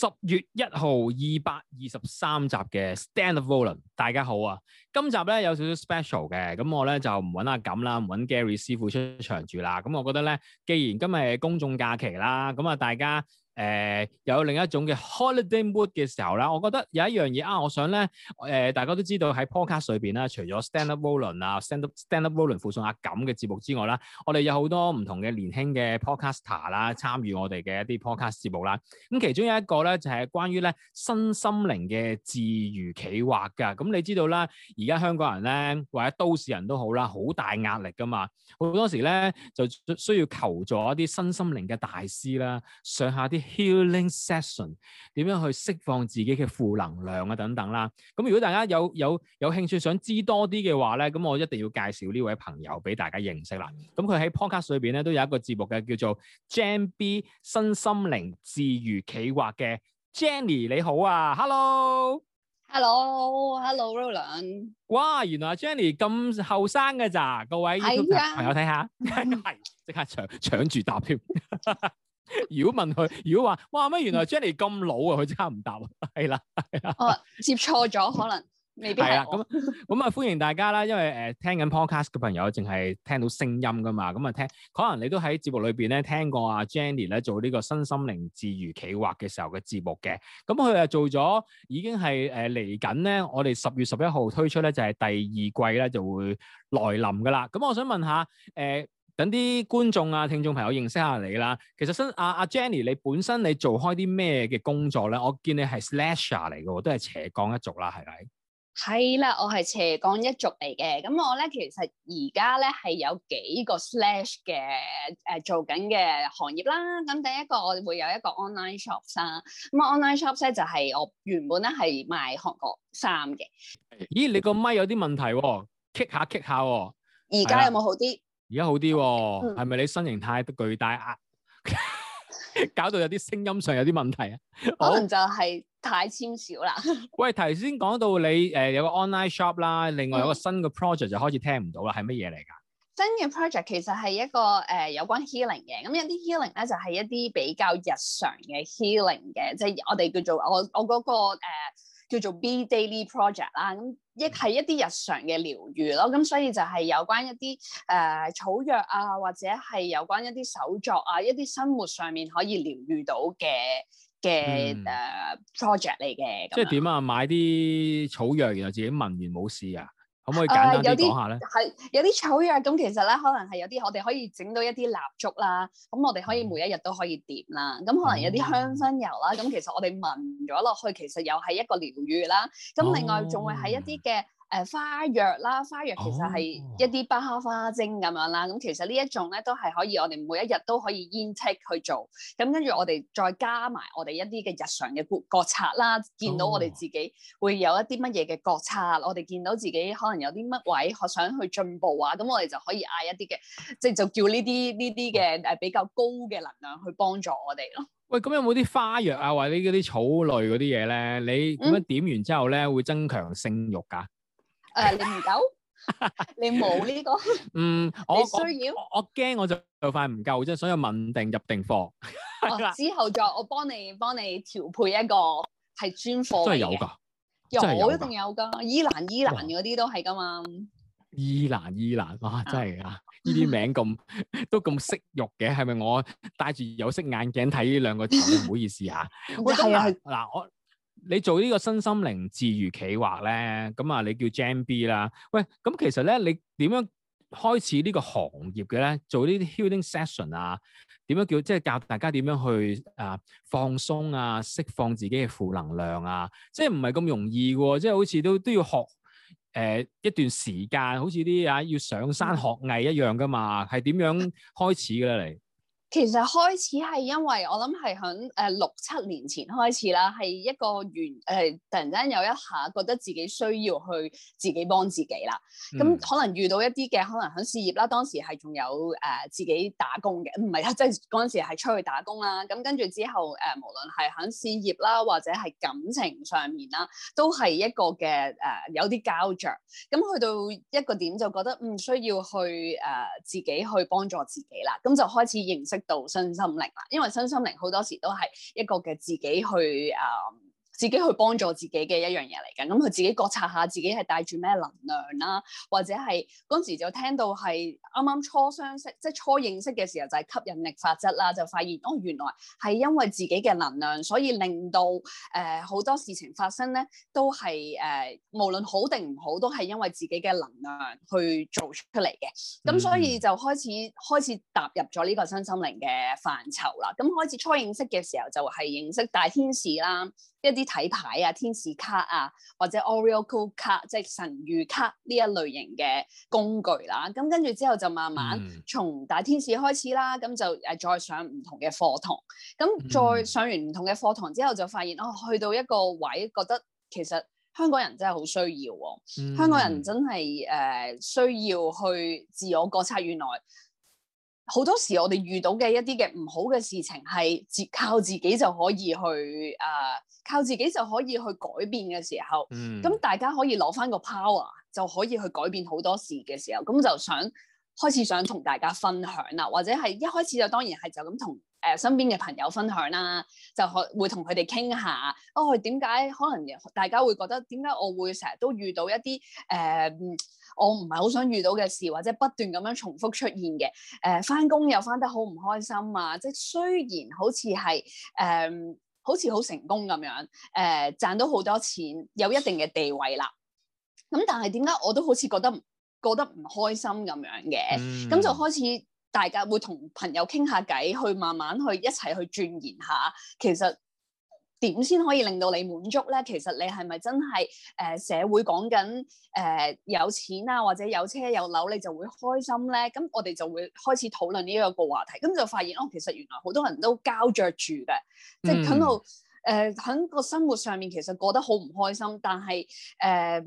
十月一號二百二十三集嘅 Stand of Volan，大家好啊！今集咧有少少 special 嘅，咁我咧就唔揾阿錦啦，唔揾 Gary 師傅出場住啦。咁我覺得咧，既然今日係公眾假期啦，咁啊大家。誒、呃、有另一種嘅 holiday mood 嘅時候啦，我覺得有一樣嘢啊，我想咧誒、呃，大家都知道喺 podcast 裏面啦，除咗 stand up Roland 啊、stand up stand up Roland 附送啊咁嘅節目之外啦，我哋有好多唔同嘅年輕嘅 podcaster 啦參與我哋嘅一啲 podcast 節目啦。咁其中有一個咧就係、是、關於咧身心靈嘅自癒企劃㗎。咁你知道啦，而家香港人咧或者都市人都好啦，好大壓力㗎嘛。好多時咧就需要求助一啲身心靈嘅大師啦，上下啲。Healing session 點樣去釋放自己嘅負能量啊等等啦。咁如果大家有有有興趣想知多啲嘅話咧，咁我一定要介紹呢位朋友俾大家認識啦。咁佢喺 Podcast 裏邊咧都有一個節目嘅叫做 Jenny 身心靈治癒企劃嘅 Jenny 你好啊，Hello，Hello，Hello，Roland。Hello! Hello, hello 哇，原來 Jenny 咁後生嘅咋？各位朋友睇、啊、一下，係 即刻搶搶住答添。 如果問佢，如果話，哇乜原來 Jenny 咁老啊？佢真係唔答，係啦，係啦。哦、接錯咗可能未必係。 啦，咁咁啊，歡迎大家啦，因為誒、呃、聽緊 podcast 嘅朋友，淨係聽到聲音噶嘛，咁啊聽，可能你都喺節目裏邊咧聽過阿、啊、Jenny 咧做呢、這個身心靈自癒企劃嘅時候嘅節目嘅，咁佢啊做咗已經係誒嚟緊咧，我哋十月十一號推出咧就係、是、第二季咧就會來臨噶啦，咁我想問下誒。呃等啲觀眾啊、聽眾朋友認識下你啦。其實新阿阿 Jenny，你本身你做開啲咩嘅工作咧？我見你係 slasher 嚟嘅，都係斜槓一族啦，係咪？係啦，我係斜槓一族嚟嘅。咁我咧其實而家咧係有幾個 slash 嘅誒、呃，做緊嘅行業啦。咁第一個我哋會有一個 online shop 啦、啊。咁 on 啊，online shop 咧就係、係、我原本咧係賣韓國衫嘅。咦，你個咪有啲問題喎 k 下 k 下喎。而家現在 的有冇好啲？而家好啲喎、哦，係咪、okay，嗯、你身形態都巨大壓， 搞到有啲聲音上有啲問題啊？ 可能就係太纖小啦。 喂，頭先講到你誒、呃、有個 online shop 啦，另外有個新嘅 project 就開始聽唔到啦，係乜嘢嚟㗎？新嘅 project 其實係一個誒、呃、有關 healing 嘅，咁有啲 healing 咧就係、是、一啲比較日常嘅 healing 嘅，即、就、係、是、我哋叫做我我嗰、那個、呃、叫做 be daily project 啦、啊。嗯亦係一啲日常嘅療愈咯，咁所以就係有關一啲誒、呃、草藥啊，或者係有關一啲手作啊，一啲生活上面可以療愈到嘅嘅誒 project 嚟嘅。即係點啊？買啲草藥，然後自己聞完冇事啊？可可以啊！有啲係有啲草藥，咁其實咧，可能係有啲我哋可以整到一啲蠟燭啦，咁我哋可以每一日都可以點啦，咁可能有啲香薰油啦，咁、嗯、其實我哋聞咗落去，其實又係一個療愈啦，咁另外仲會係一啲嘅，哦誒、呃、花藥啦，花藥其實係一啲巴哈花精咁樣啦，咁、哦、其實呢一種咧都係可以我哋每一日都可以 intake 去做，咁跟住我哋再加埋我哋一啲嘅日常嘅覺察啦，見到我哋自己會有一啲乜嘢嘅覺察，哦、我哋見到自己可能有啲乜位可想去進步啊，咁我哋就可以嗌一啲嘅，即、就、係、是、就叫呢啲呢啲嘅誒比較高嘅能量去幫助我哋咯。喂，咁有冇啲花藥啊，或者啲草類嗰啲嘢咧？你點樣點完之後咧會增強性慾㗎？嗯誒， 你唔夠，你冇呢、這個，嗯，我 需要，我驚我就就快唔夠啫，所以問定入定貨、哦，之後再我幫你幫你調配一個係專貨，真係有㗎，有！一定有㗎，依蘭依蘭嗰啲都係㗎嘛，依蘭依蘭哇，真係啊，呢啲 名咁都咁色慾嘅，係咪我戴住有色眼鏡睇呢兩個字？唔好意思吓，係啊，嗱、哎啊啊、我。你做呢個身心靈自癒企劃咧，咁啊你叫 j m B 啦。喂，咁其實咧，你點樣開始呢個行業嘅咧？做呢啲 healing session 啊，點樣叫即係教大家點樣去啊放鬆啊，釋放、啊、放自己嘅負能量啊，即係唔係咁容易嘅喎？即係好似都都要學誒、呃、一段時間，好似啲啊要上山學藝一樣噶嘛。係點樣開始嘅咧？你？其實開始係因為我諗係響誒六七年前開始啦，係一個原誒、呃、突然間有一下覺得自己需要去自己幫自己啦。咁、嗯、可能遇到一啲嘅可能響事業啦，當時係仲有誒、呃、自己打工嘅，唔係呀，即係嗰陣時係出去打工啦。咁跟住之後誒、呃，無論係響事業啦或者係感情上面啦，都係一個嘅誒、呃、有啲膠著。咁去到一個點就覺得唔需要去誒、呃、自己去幫助自己啦，咁就開始認識。到身心、心靈啦，因為身心、心靈好多時都係一個嘅自己去啊。嗯自己去幫助自己嘅一樣嘢嚟嘅，咁、嗯、佢自己覺察下自己係帶住咩能量啦、啊，或者係嗰陣時就聽到係啱啱初相識，即係初認識嘅時候就係吸引力法則啦，就發現哦原來係因為自己嘅能量，所以令到誒好、呃、多事情發生咧，都係誒、呃、無論好定唔好，都係因為自己嘅能量去做出嚟嘅。咁、嗯、所以就開始開始踏入咗呢個身心靈嘅範疇啦。咁、嗯、開始初認識嘅時候就係認識大天使啦。一啲睇牌啊、天使卡啊，或者 Oracle 卡，即係神諭卡呢一類型嘅工具啦。咁跟住之後就慢慢從大天使開始啦。咁、嗯、就誒再上唔同嘅課堂。咁再上完唔同嘅課堂之後，就發現、嗯、哦，去到一個位，覺得其實香港人真係好需要喎、哦。嗯、香港人真係誒、呃、需要去自我覺察，原來好多時我哋遇到嘅一啲嘅唔好嘅事情，係自靠自己就可以去誒。呃靠自己就可以去改變嘅時候，咁、嗯、大家可以攞翻個 power 就可以去改變好多事嘅時候，咁就想開始想同大家分享啦，或者係一開始就當然係就咁同誒身邊嘅朋友分享啦，就會同佢哋傾下，哦，點解可能大家會覺得點解我會成日都遇到一啲誒、呃、我唔係好想遇到嘅事，或者不斷咁樣重複出現嘅，誒翻工又翻得好唔開心啊，即係雖然好似係誒。呃好似好成功咁樣，誒、呃、賺到好多錢，有一定嘅地位啦。咁、嗯、但係點解我都好似覺得覺得唔開心咁樣嘅？咁、嗯、就開始大家會同朋友傾下偈，去慢慢去一齊去鑽研下，其實。點先可以令到你滿足咧？其實你係咪真係誒、呃、社會講緊誒有錢啊，或者有車有樓你就會開心咧？咁我哋就會開始討論呢一個話題，咁就發現哦，其實原來好多人都膠着住嘅，嗯、即係響度誒響個生活上面其實過得好唔開心，但係誒、呃、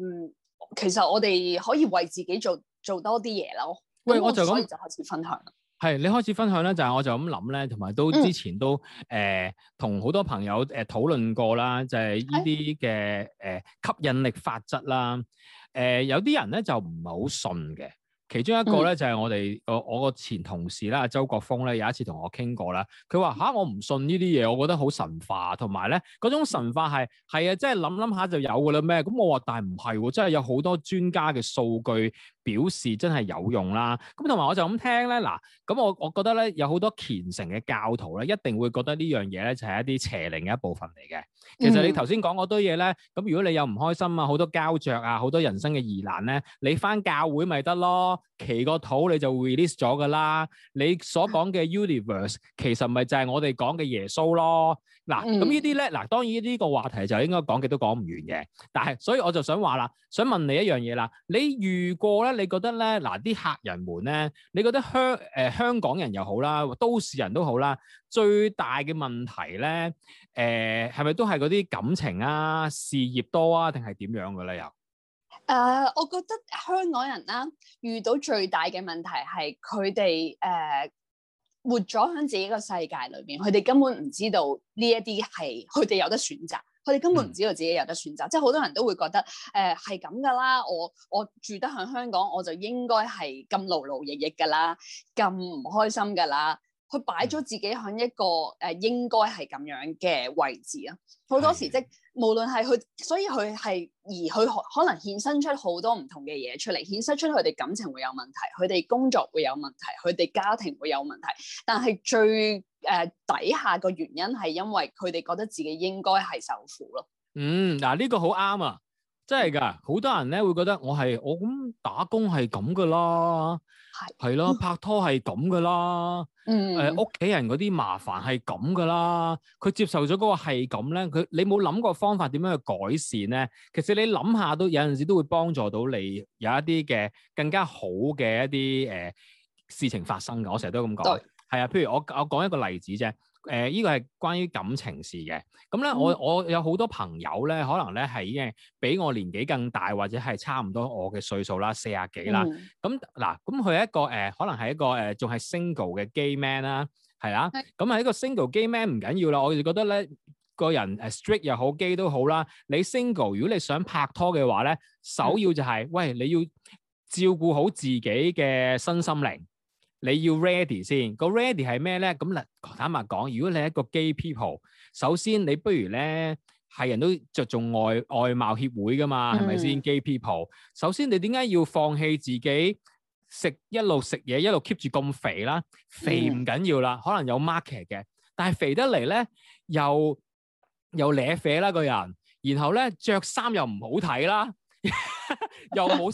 其實我哋可以為自己做做多啲嘢咯。喂對，我就可以就開始分享啦。係，你開始分享咧，就係、是、我就咁諗咧，同埋都之前都誒、嗯呃、同好多朋友誒、呃、討論過啦，就係呢啲嘅誒吸引力法則啦。誒、呃、有啲人咧就唔係好信嘅，其中一個咧就係、是、我哋我我個前同事啦，周國峰咧有一次同我傾過啦，佢話吓，我唔信呢啲嘢，我覺得好神化，同埋咧嗰種神化係係啊，即係諗諗下就有㗎啦咩？咁我話但係唔係，即係有好多專家嘅數據。表示真係有用啦，咁同埋我就咁聽咧，嗱，咁我我覺得咧，有好多虔誠嘅教徒咧，一定會覺得呢樣嘢咧，就係一啲邪靈嘅一部分嚟嘅。其實你頭先講嗰堆嘢咧，咁如果你有唔開心啊，好多膠著啊，好多人生嘅疑難咧，你翻教會咪得咯，祈個禱你就 release 咗噶啦。你所講嘅 universe 其實咪就係我哋講嘅耶穌咯。嗱，咁呢啲咧，嗱當然呢個話題就應該講極都講唔完嘅，但係所以我就想話啦，想問你一樣嘢啦，你如果咧？你覺得咧嗱，啲客人們咧，你覺得香誒香港人又好啦，都市人都好啦，最大嘅問題咧，誒係咪都係嗰啲感情啊、事業多啊，定係點樣嘅咧？又誒、呃，我覺得香港人啦，遇到最大嘅問題係佢哋誒活咗喺自己一個世界裏面，佢哋根本唔知道呢一啲係佢哋有得選擇。佢哋根本唔知道自己有得選擇，嗯、即係好多人都會覺得誒係咁噶啦，我我住得喺香港，我就應該係咁勞勞役役噶啦，咁唔開心噶啦，佢擺咗自己喺一個誒、呃、應該係咁樣嘅位置啊。好多時即係的無論係佢，所以佢係而佢可能衍生出好多唔同嘅嘢出嚟，衍生出佢哋感情會有問題，佢哋工作會有問題，佢哋家庭會有問題，但係最誒、呃、底下個原因係因為佢哋覺得自己應該係受苦咯。嗯，嗱、這、呢個好啱啊，真係㗎，好多人咧會覺得我係我咁打工係咁噶啦，係係咯，拍拖係咁噶啦，嗯誒屋企人嗰啲麻煩係咁噶啦，佢接受咗嗰個係咁咧，佢你冇諗過方法點樣去改善咧，其實你諗下都有陣時都會幫助到你有一啲嘅更加好嘅一啲誒、呃、事情發生㗎，我成日都咁講。係啊，譬如我我講一個例子啫，誒、呃、呢、這個係關於感情事嘅。咁咧、嗯，我我有好多朋友咧，可能咧係已經係比我年紀更大，或者係差唔多我嘅歲數啦，四十幾啦。咁嗱、嗯，咁佢係一個誒、呃，可能係一個誒，仲、呃、係 single 嘅 gay man 啦，的 man，係啦。咁係一個 single gay man 唔緊要啦，我哋覺得咧個人誒 straight 又好，gay 都好啦。你 single，如果你想拍拖嘅話咧，首要就係、是，喂，你要照顧好自己嘅身心靈。嗯你要 ready 先，個 ready 係咩咧？咁嗱，坦白講，如果你係一個 gay people，首先你不如咧，係人都著重外外貌協會㗎嘛，係咪先？gay people，首先你點解要放棄自己食一路食嘢，一路 keep 住咁肥啦？肥唔緊要啦，可能有 market 嘅，但係肥得嚟咧又又 𠊎 啡啦個人，然後咧著衫又唔好睇啦，又冇。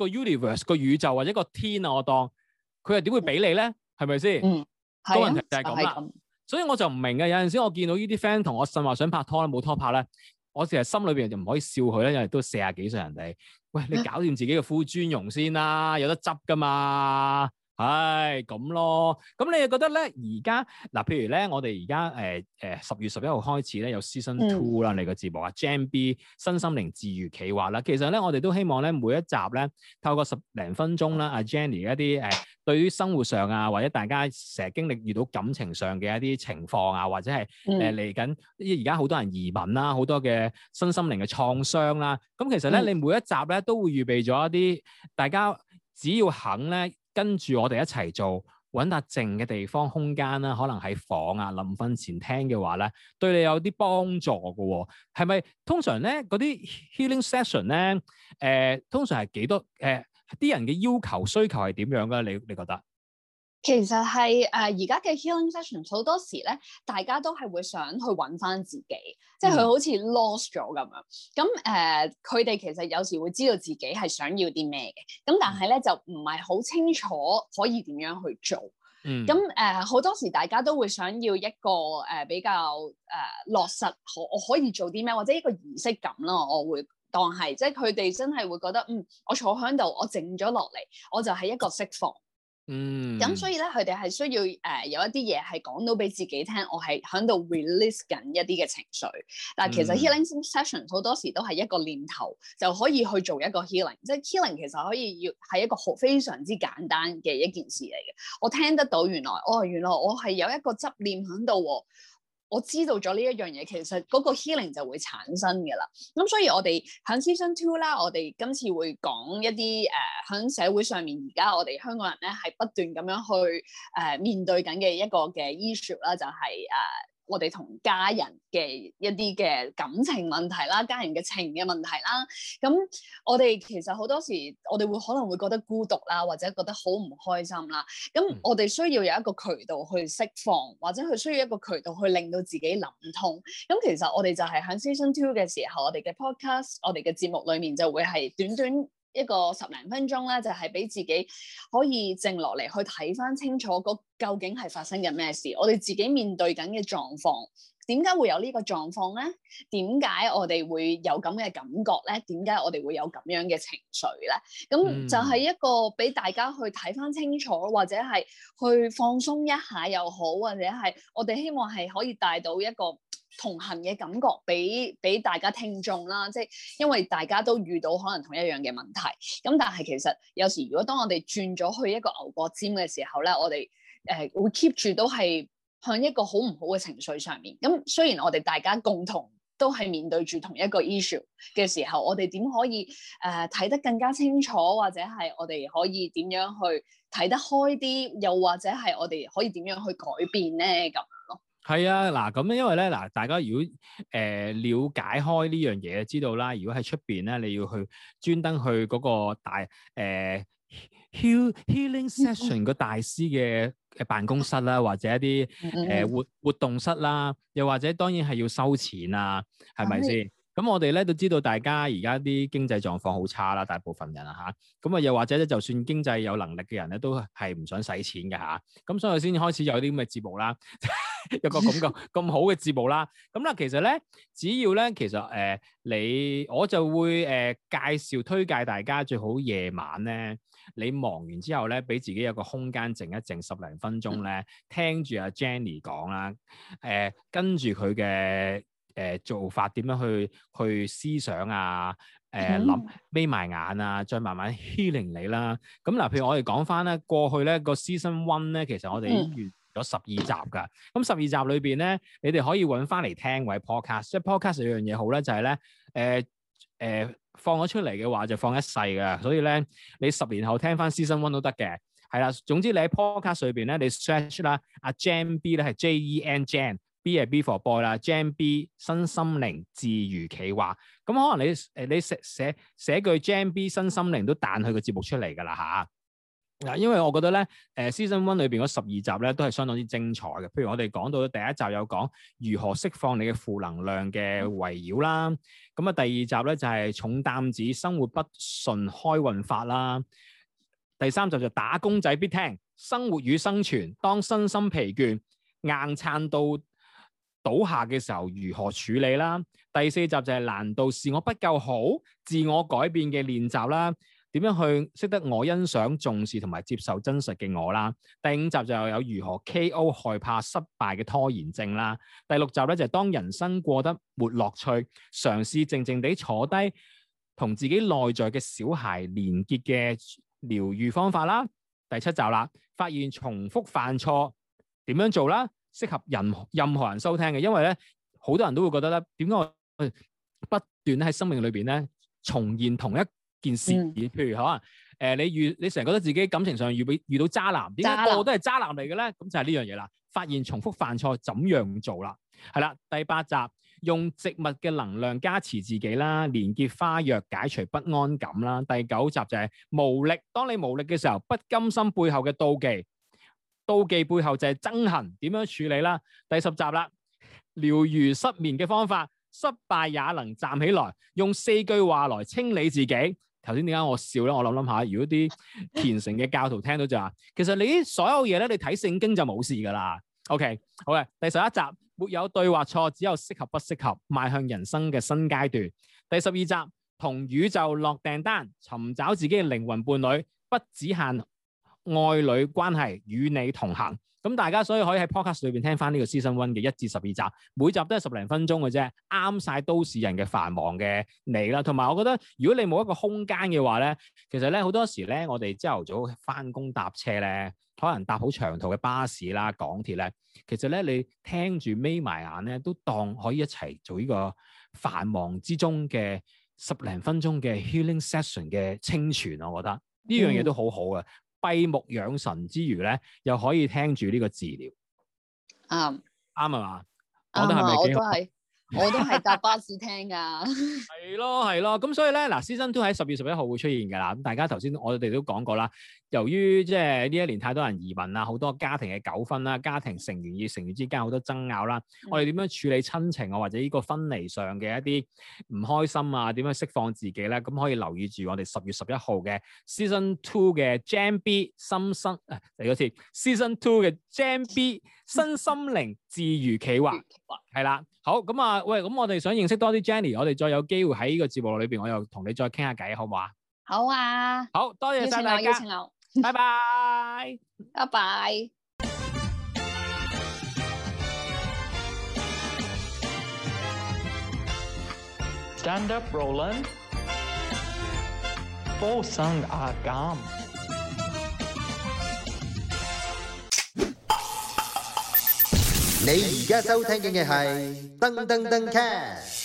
個 universe 個宇宙，個宇宙或者個天啊，我當佢又點會俾你咧？係咪先？多人就係咁啦。嗯就是、所以我就唔明啊！有陣時我見到呢啲 friend 同我信話想拍拖咧，冇拖拍咧，我成日心裏邊就唔可以笑佢咧，因為都四廿四十幾歲人哋。喂，你搞掂自己嘅副尊容先啦，有得執噶嘛？唉，咁咯，咁你又覺得咧？而家嗱，譬如咧，我哋而家誒誒十月十一號開始咧，有 Season Two 啦，你個節目啊 Jam B 身心靈自癒企劃啦。其實咧，我哋都希望咧，每一集咧，透過十零分鐘啦，阿、啊、Jenny 一啲誒、呃，對於生活上啊，或者大家成日經歷遇到感情上嘅一啲情況啊，或者係誒嚟緊，而家好多人移民啦、啊，好多嘅身心靈嘅創傷啦、啊。咁其實咧，你每一集咧，都會預備咗一啲，大家只要肯咧。跟住我哋一齊做，揾笪靜嘅地方空間啦，可能喺房啊，臨瞓前聽嘅話咧，對你有啲幫助㗎喎、哦，係咪？通常咧，嗰啲 healing session 咧、呃，誒通常係幾多？誒、呃、啲人嘅要求需求係點樣㗎？你你覺得？其實係誒，而家嘅 healing sessions 好多時咧，大家都係會想去揾翻自己，嗯、即係佢好似 lost 咗咁樣。咁誒，佢、呃、哋其實有時會知道自己係想要啲咩嘅，咁但係咧、嗯、就唔係好清楚可以點樣去做。嗯。咁誒、嗯、好、呃、多時大家都會想要一個誒、呃、比較誒、呃、落實，可我可以做啲咩，或者一個儀式感咯。我會當係即係佢哋真係會覺得嗯，我坐喺度，我靜咗落嚟，我就係一個釋放。嗯，咁所以咧，佢哋係需要誒、呃、有一啲嘢係講到俾自己聽，我係響度 release 緊一啲嘅情緒。但係其實 healing sessions 好多時都係一個念頭就可以去做一個 healing、嗯、即係 healing 其實可以要係一個好非常之簡單嘅一件事嚟嘅。我聽得到原來哦，原來我係有一個執念響度、哦。我知道咗呢一樣嘢，其實嗰個 healing 就會產生嘅啦。咁所以我哋響 Season Two 啦，我哋今次會講一啲誒喺社會上面而家我哋香港人咧係不斷咁樣去誒、呃、面對緊嘅一個嘅 issue 啦，就係、是、誒。呃我哋同家人嘅一啲嘅感情問題啦，家人嘅情嘅問題啦，咁我哋其實好多時我哋會可能會覺得孤獨啦，或者覺得好唔開心啦，咁我哋需要有一個渠道去釋放，或者佢需要一個渠道去令到自己諗通。咁其實我哋就係響 Season Two 嘅時候，我哋嘅 Podcast，我哋嘅節目裏面就會係短短。一個十零分鐘咧，就係俾自己可以靜落嚟，去睇翻清楚個究竟係發生緊咩事，我哋自己面對緊嘅狀況，點解會有呢個狀況咧？點解我哋會有咁嘅感覺咧？點解我哋會有咁樣嘅情緒咧？咁就係一個俾大家去睇翻清楚，或者係去放鬆一下又好，或者係我哋希望係可以帶到一個同行嘅感覺俾俾大家聽眾啦，即係因為大家都遇到可能同一樣嘅問題，咁但係其實有時如果當我哋轉咗去一個牛角尖嘅時候咧，我哋誒、呃、會 keep 住都係向一個好唔好嘅情緒上面。咁雖然我哋大家共同都係面對住同一個 issue 嘅時候，我哋點可以誒、呃、睇得更加清楚，或者係我哋可以點樣去睇得開啲，又或者係我哋可以點樣去改變咧咁？係啊，嗱，咁因為咧，嗱，大家如果誒瞭、呃、解開呢樣嘢，知道啦，如果喺出邊咧，你要去專登去嗰個大誒、呃、 he healing session 個大師嘅辦公室啦，或者一啲誒活活動室啦，又或者當然係要收錢啊，係咪先？咁 我哋咧都知道，大家而家啲經濟狀況好差啦，大部分人啊嚇，咁啊又或者咧，就算經濟有能力嘅人咧，都係唔想使錢嘅嚇，咁、啊、所以先開始有啲咁嘅節目啦。 有個咁嘅咁好嘅節目啦，咁、嗯、啦，其實咧，只要咧，其實誒、呃，你我就會誒、呃、介紹推介大家，最好夜晚咧，你忙完之後咧，俾自己有個空間靜一靜十零分鐘咧，聽住阿、啊、Jenny 講啦，誒、呃，跟住佢嘅誒做法，點樣去去思想啊，誒、呃，諗眯埋眼啊，再慢慢 healing 你啦。咁嗱、呃，譬如我哋講翻咧，過去咧個 season one 咧，其實我哋咗十二集噶，咁十二集裏邊咧，你哋可以揾翻嚟聽位 podcast。即係 podcast 有樣嘢好咧，就係、是、咧，誒、呃、誒、呃、放咗出嚟嘅話就放一世嘅，所以咧你十年後聽翻 season one 都得嘅，係啦。總之你喺 podcast 上邊咧，你 search 啦、啊，阿 Jen B 咧係 J E N Jen B 係 B for Boy 啦、啊、Jen B 身心靈自癒企劃，咁可能你誒你寫寫寫句 Jen B 身心靈都彈佢個節目出嚟噶啦嚇。啊嗱，因為我覺得咧，誒、呃，《Season One》裏邊嗰十二集咧都係相當之精彩嘅。譬如我哋講到第一集有講如何釋放你嘅負能量嘅圍繞啦，咁啊第二集咧就係、是、重擔子生活不順開運法啦，第三集就打工仔必聽生活與生存，當身心疲倦硬撐到倒下嘅時候如何處理啦，第四集就係難道是我不夠好自我改變嘅練習啦。點樣去識得我欣賞、重視同埋接受真實嘅我啦？第五集就有如何 KO 害怕失敗嘅拖延症啦。第六集咧就係、是、當人生過得沒樂趣，嘗試靜靜地坐低，同自己內在嘅小孩連結嘅療愈方法啦。第七集啦，發現重複犯錯點樣做啦，適合人任何人收聽嘅，因為咧好多人都會覺得咧，點解我不斷喺生命裏邊咧重現同一件事，譬如可能誒、呃，你遇你成日覺得自己感情上遇遇遇到渣男，點解個個都係渣男嚟嘅咧？咁就係呢樣嘢啦。發現重複犯錯，怎樣做啦？係啦，第八集用植物嘅能量加持自己啦，連結花藥解除不安感啦。第九集就係無力，當你無力嘅時候，不甘心背後嘅妒忌，妒忌背後就係憎恨，點樣處理啦？第十集啦，療愈失眠嘅方法，失敗也能站起來，用四句話來清理自己。頭先點解我笑咧？我諗諗下，如果啲虔誠嘅教徒聽到就話，其實你啲所有嘢咧，你睇聖經就冇事噶啦。OK，好啦。第十一集沒有對或錯，只有適合不適合，邁向人生嘅新階段。第十二集同宇宙落訂單，尋找自己嘅靈魂伴侶，不只限愛侶關係，與你同行。咁大家所以可以喺 Podcast 裏邊聽翻呢個 Season One 嘅一至十二集，每集都係十零分鐘嘅啫，啱晒都市人嘅繁忙嘅你啦。同埋我覺得，如果你冇一個空間嘅話咧，其實咧好多時咧，我哋朝頭早翻工搭車咧，可能搭好長途嘅巴士啦、港鐵咧，其實咧你聽住眯埋眼咧，都當可以一齊做呢個繁忙之中嘅十零分鐘嘅 healing session 嘅清泉，我覺得呢、哦、樣嘢都好好、啊、嘅。閉目養神之餘咧，又可以聽住呢個治療。啱啱係嘛？得啊， 係咪幾好？我都係搭巴士聽噶係咯係咯，咁所以咧嗱，Season Two 喺十月十一號會出現噶啦。咁大家頭先我哋都講過啦，由於即係呢一年太多人移民啦，好多家庭嘅糾紛啦，家庭成員與成員之間好多爭拗啦， 我哋點樣處理親情啊，或者呢個分離上嘅一啲唔開心啊，點樣釋放自己咧？咁可以留意住我哋十月十一號嘅 Season Two 嘅 Jam B 心身，誒、第、哎、一次 Season Two 嘅 Jam B 身心靈自癒企劃係啦，好咁啊！ 喂，咁我哋想認識多啲 Jenny，我哋再有機會喺呢個節目裏邊，我又同你再傾下偈，好唔好啊？好啊，好多謝晒大家，拜拜，拜拜。Stand up, Roland. For sang agam. 你而家收聽嘅係燈登登 cast。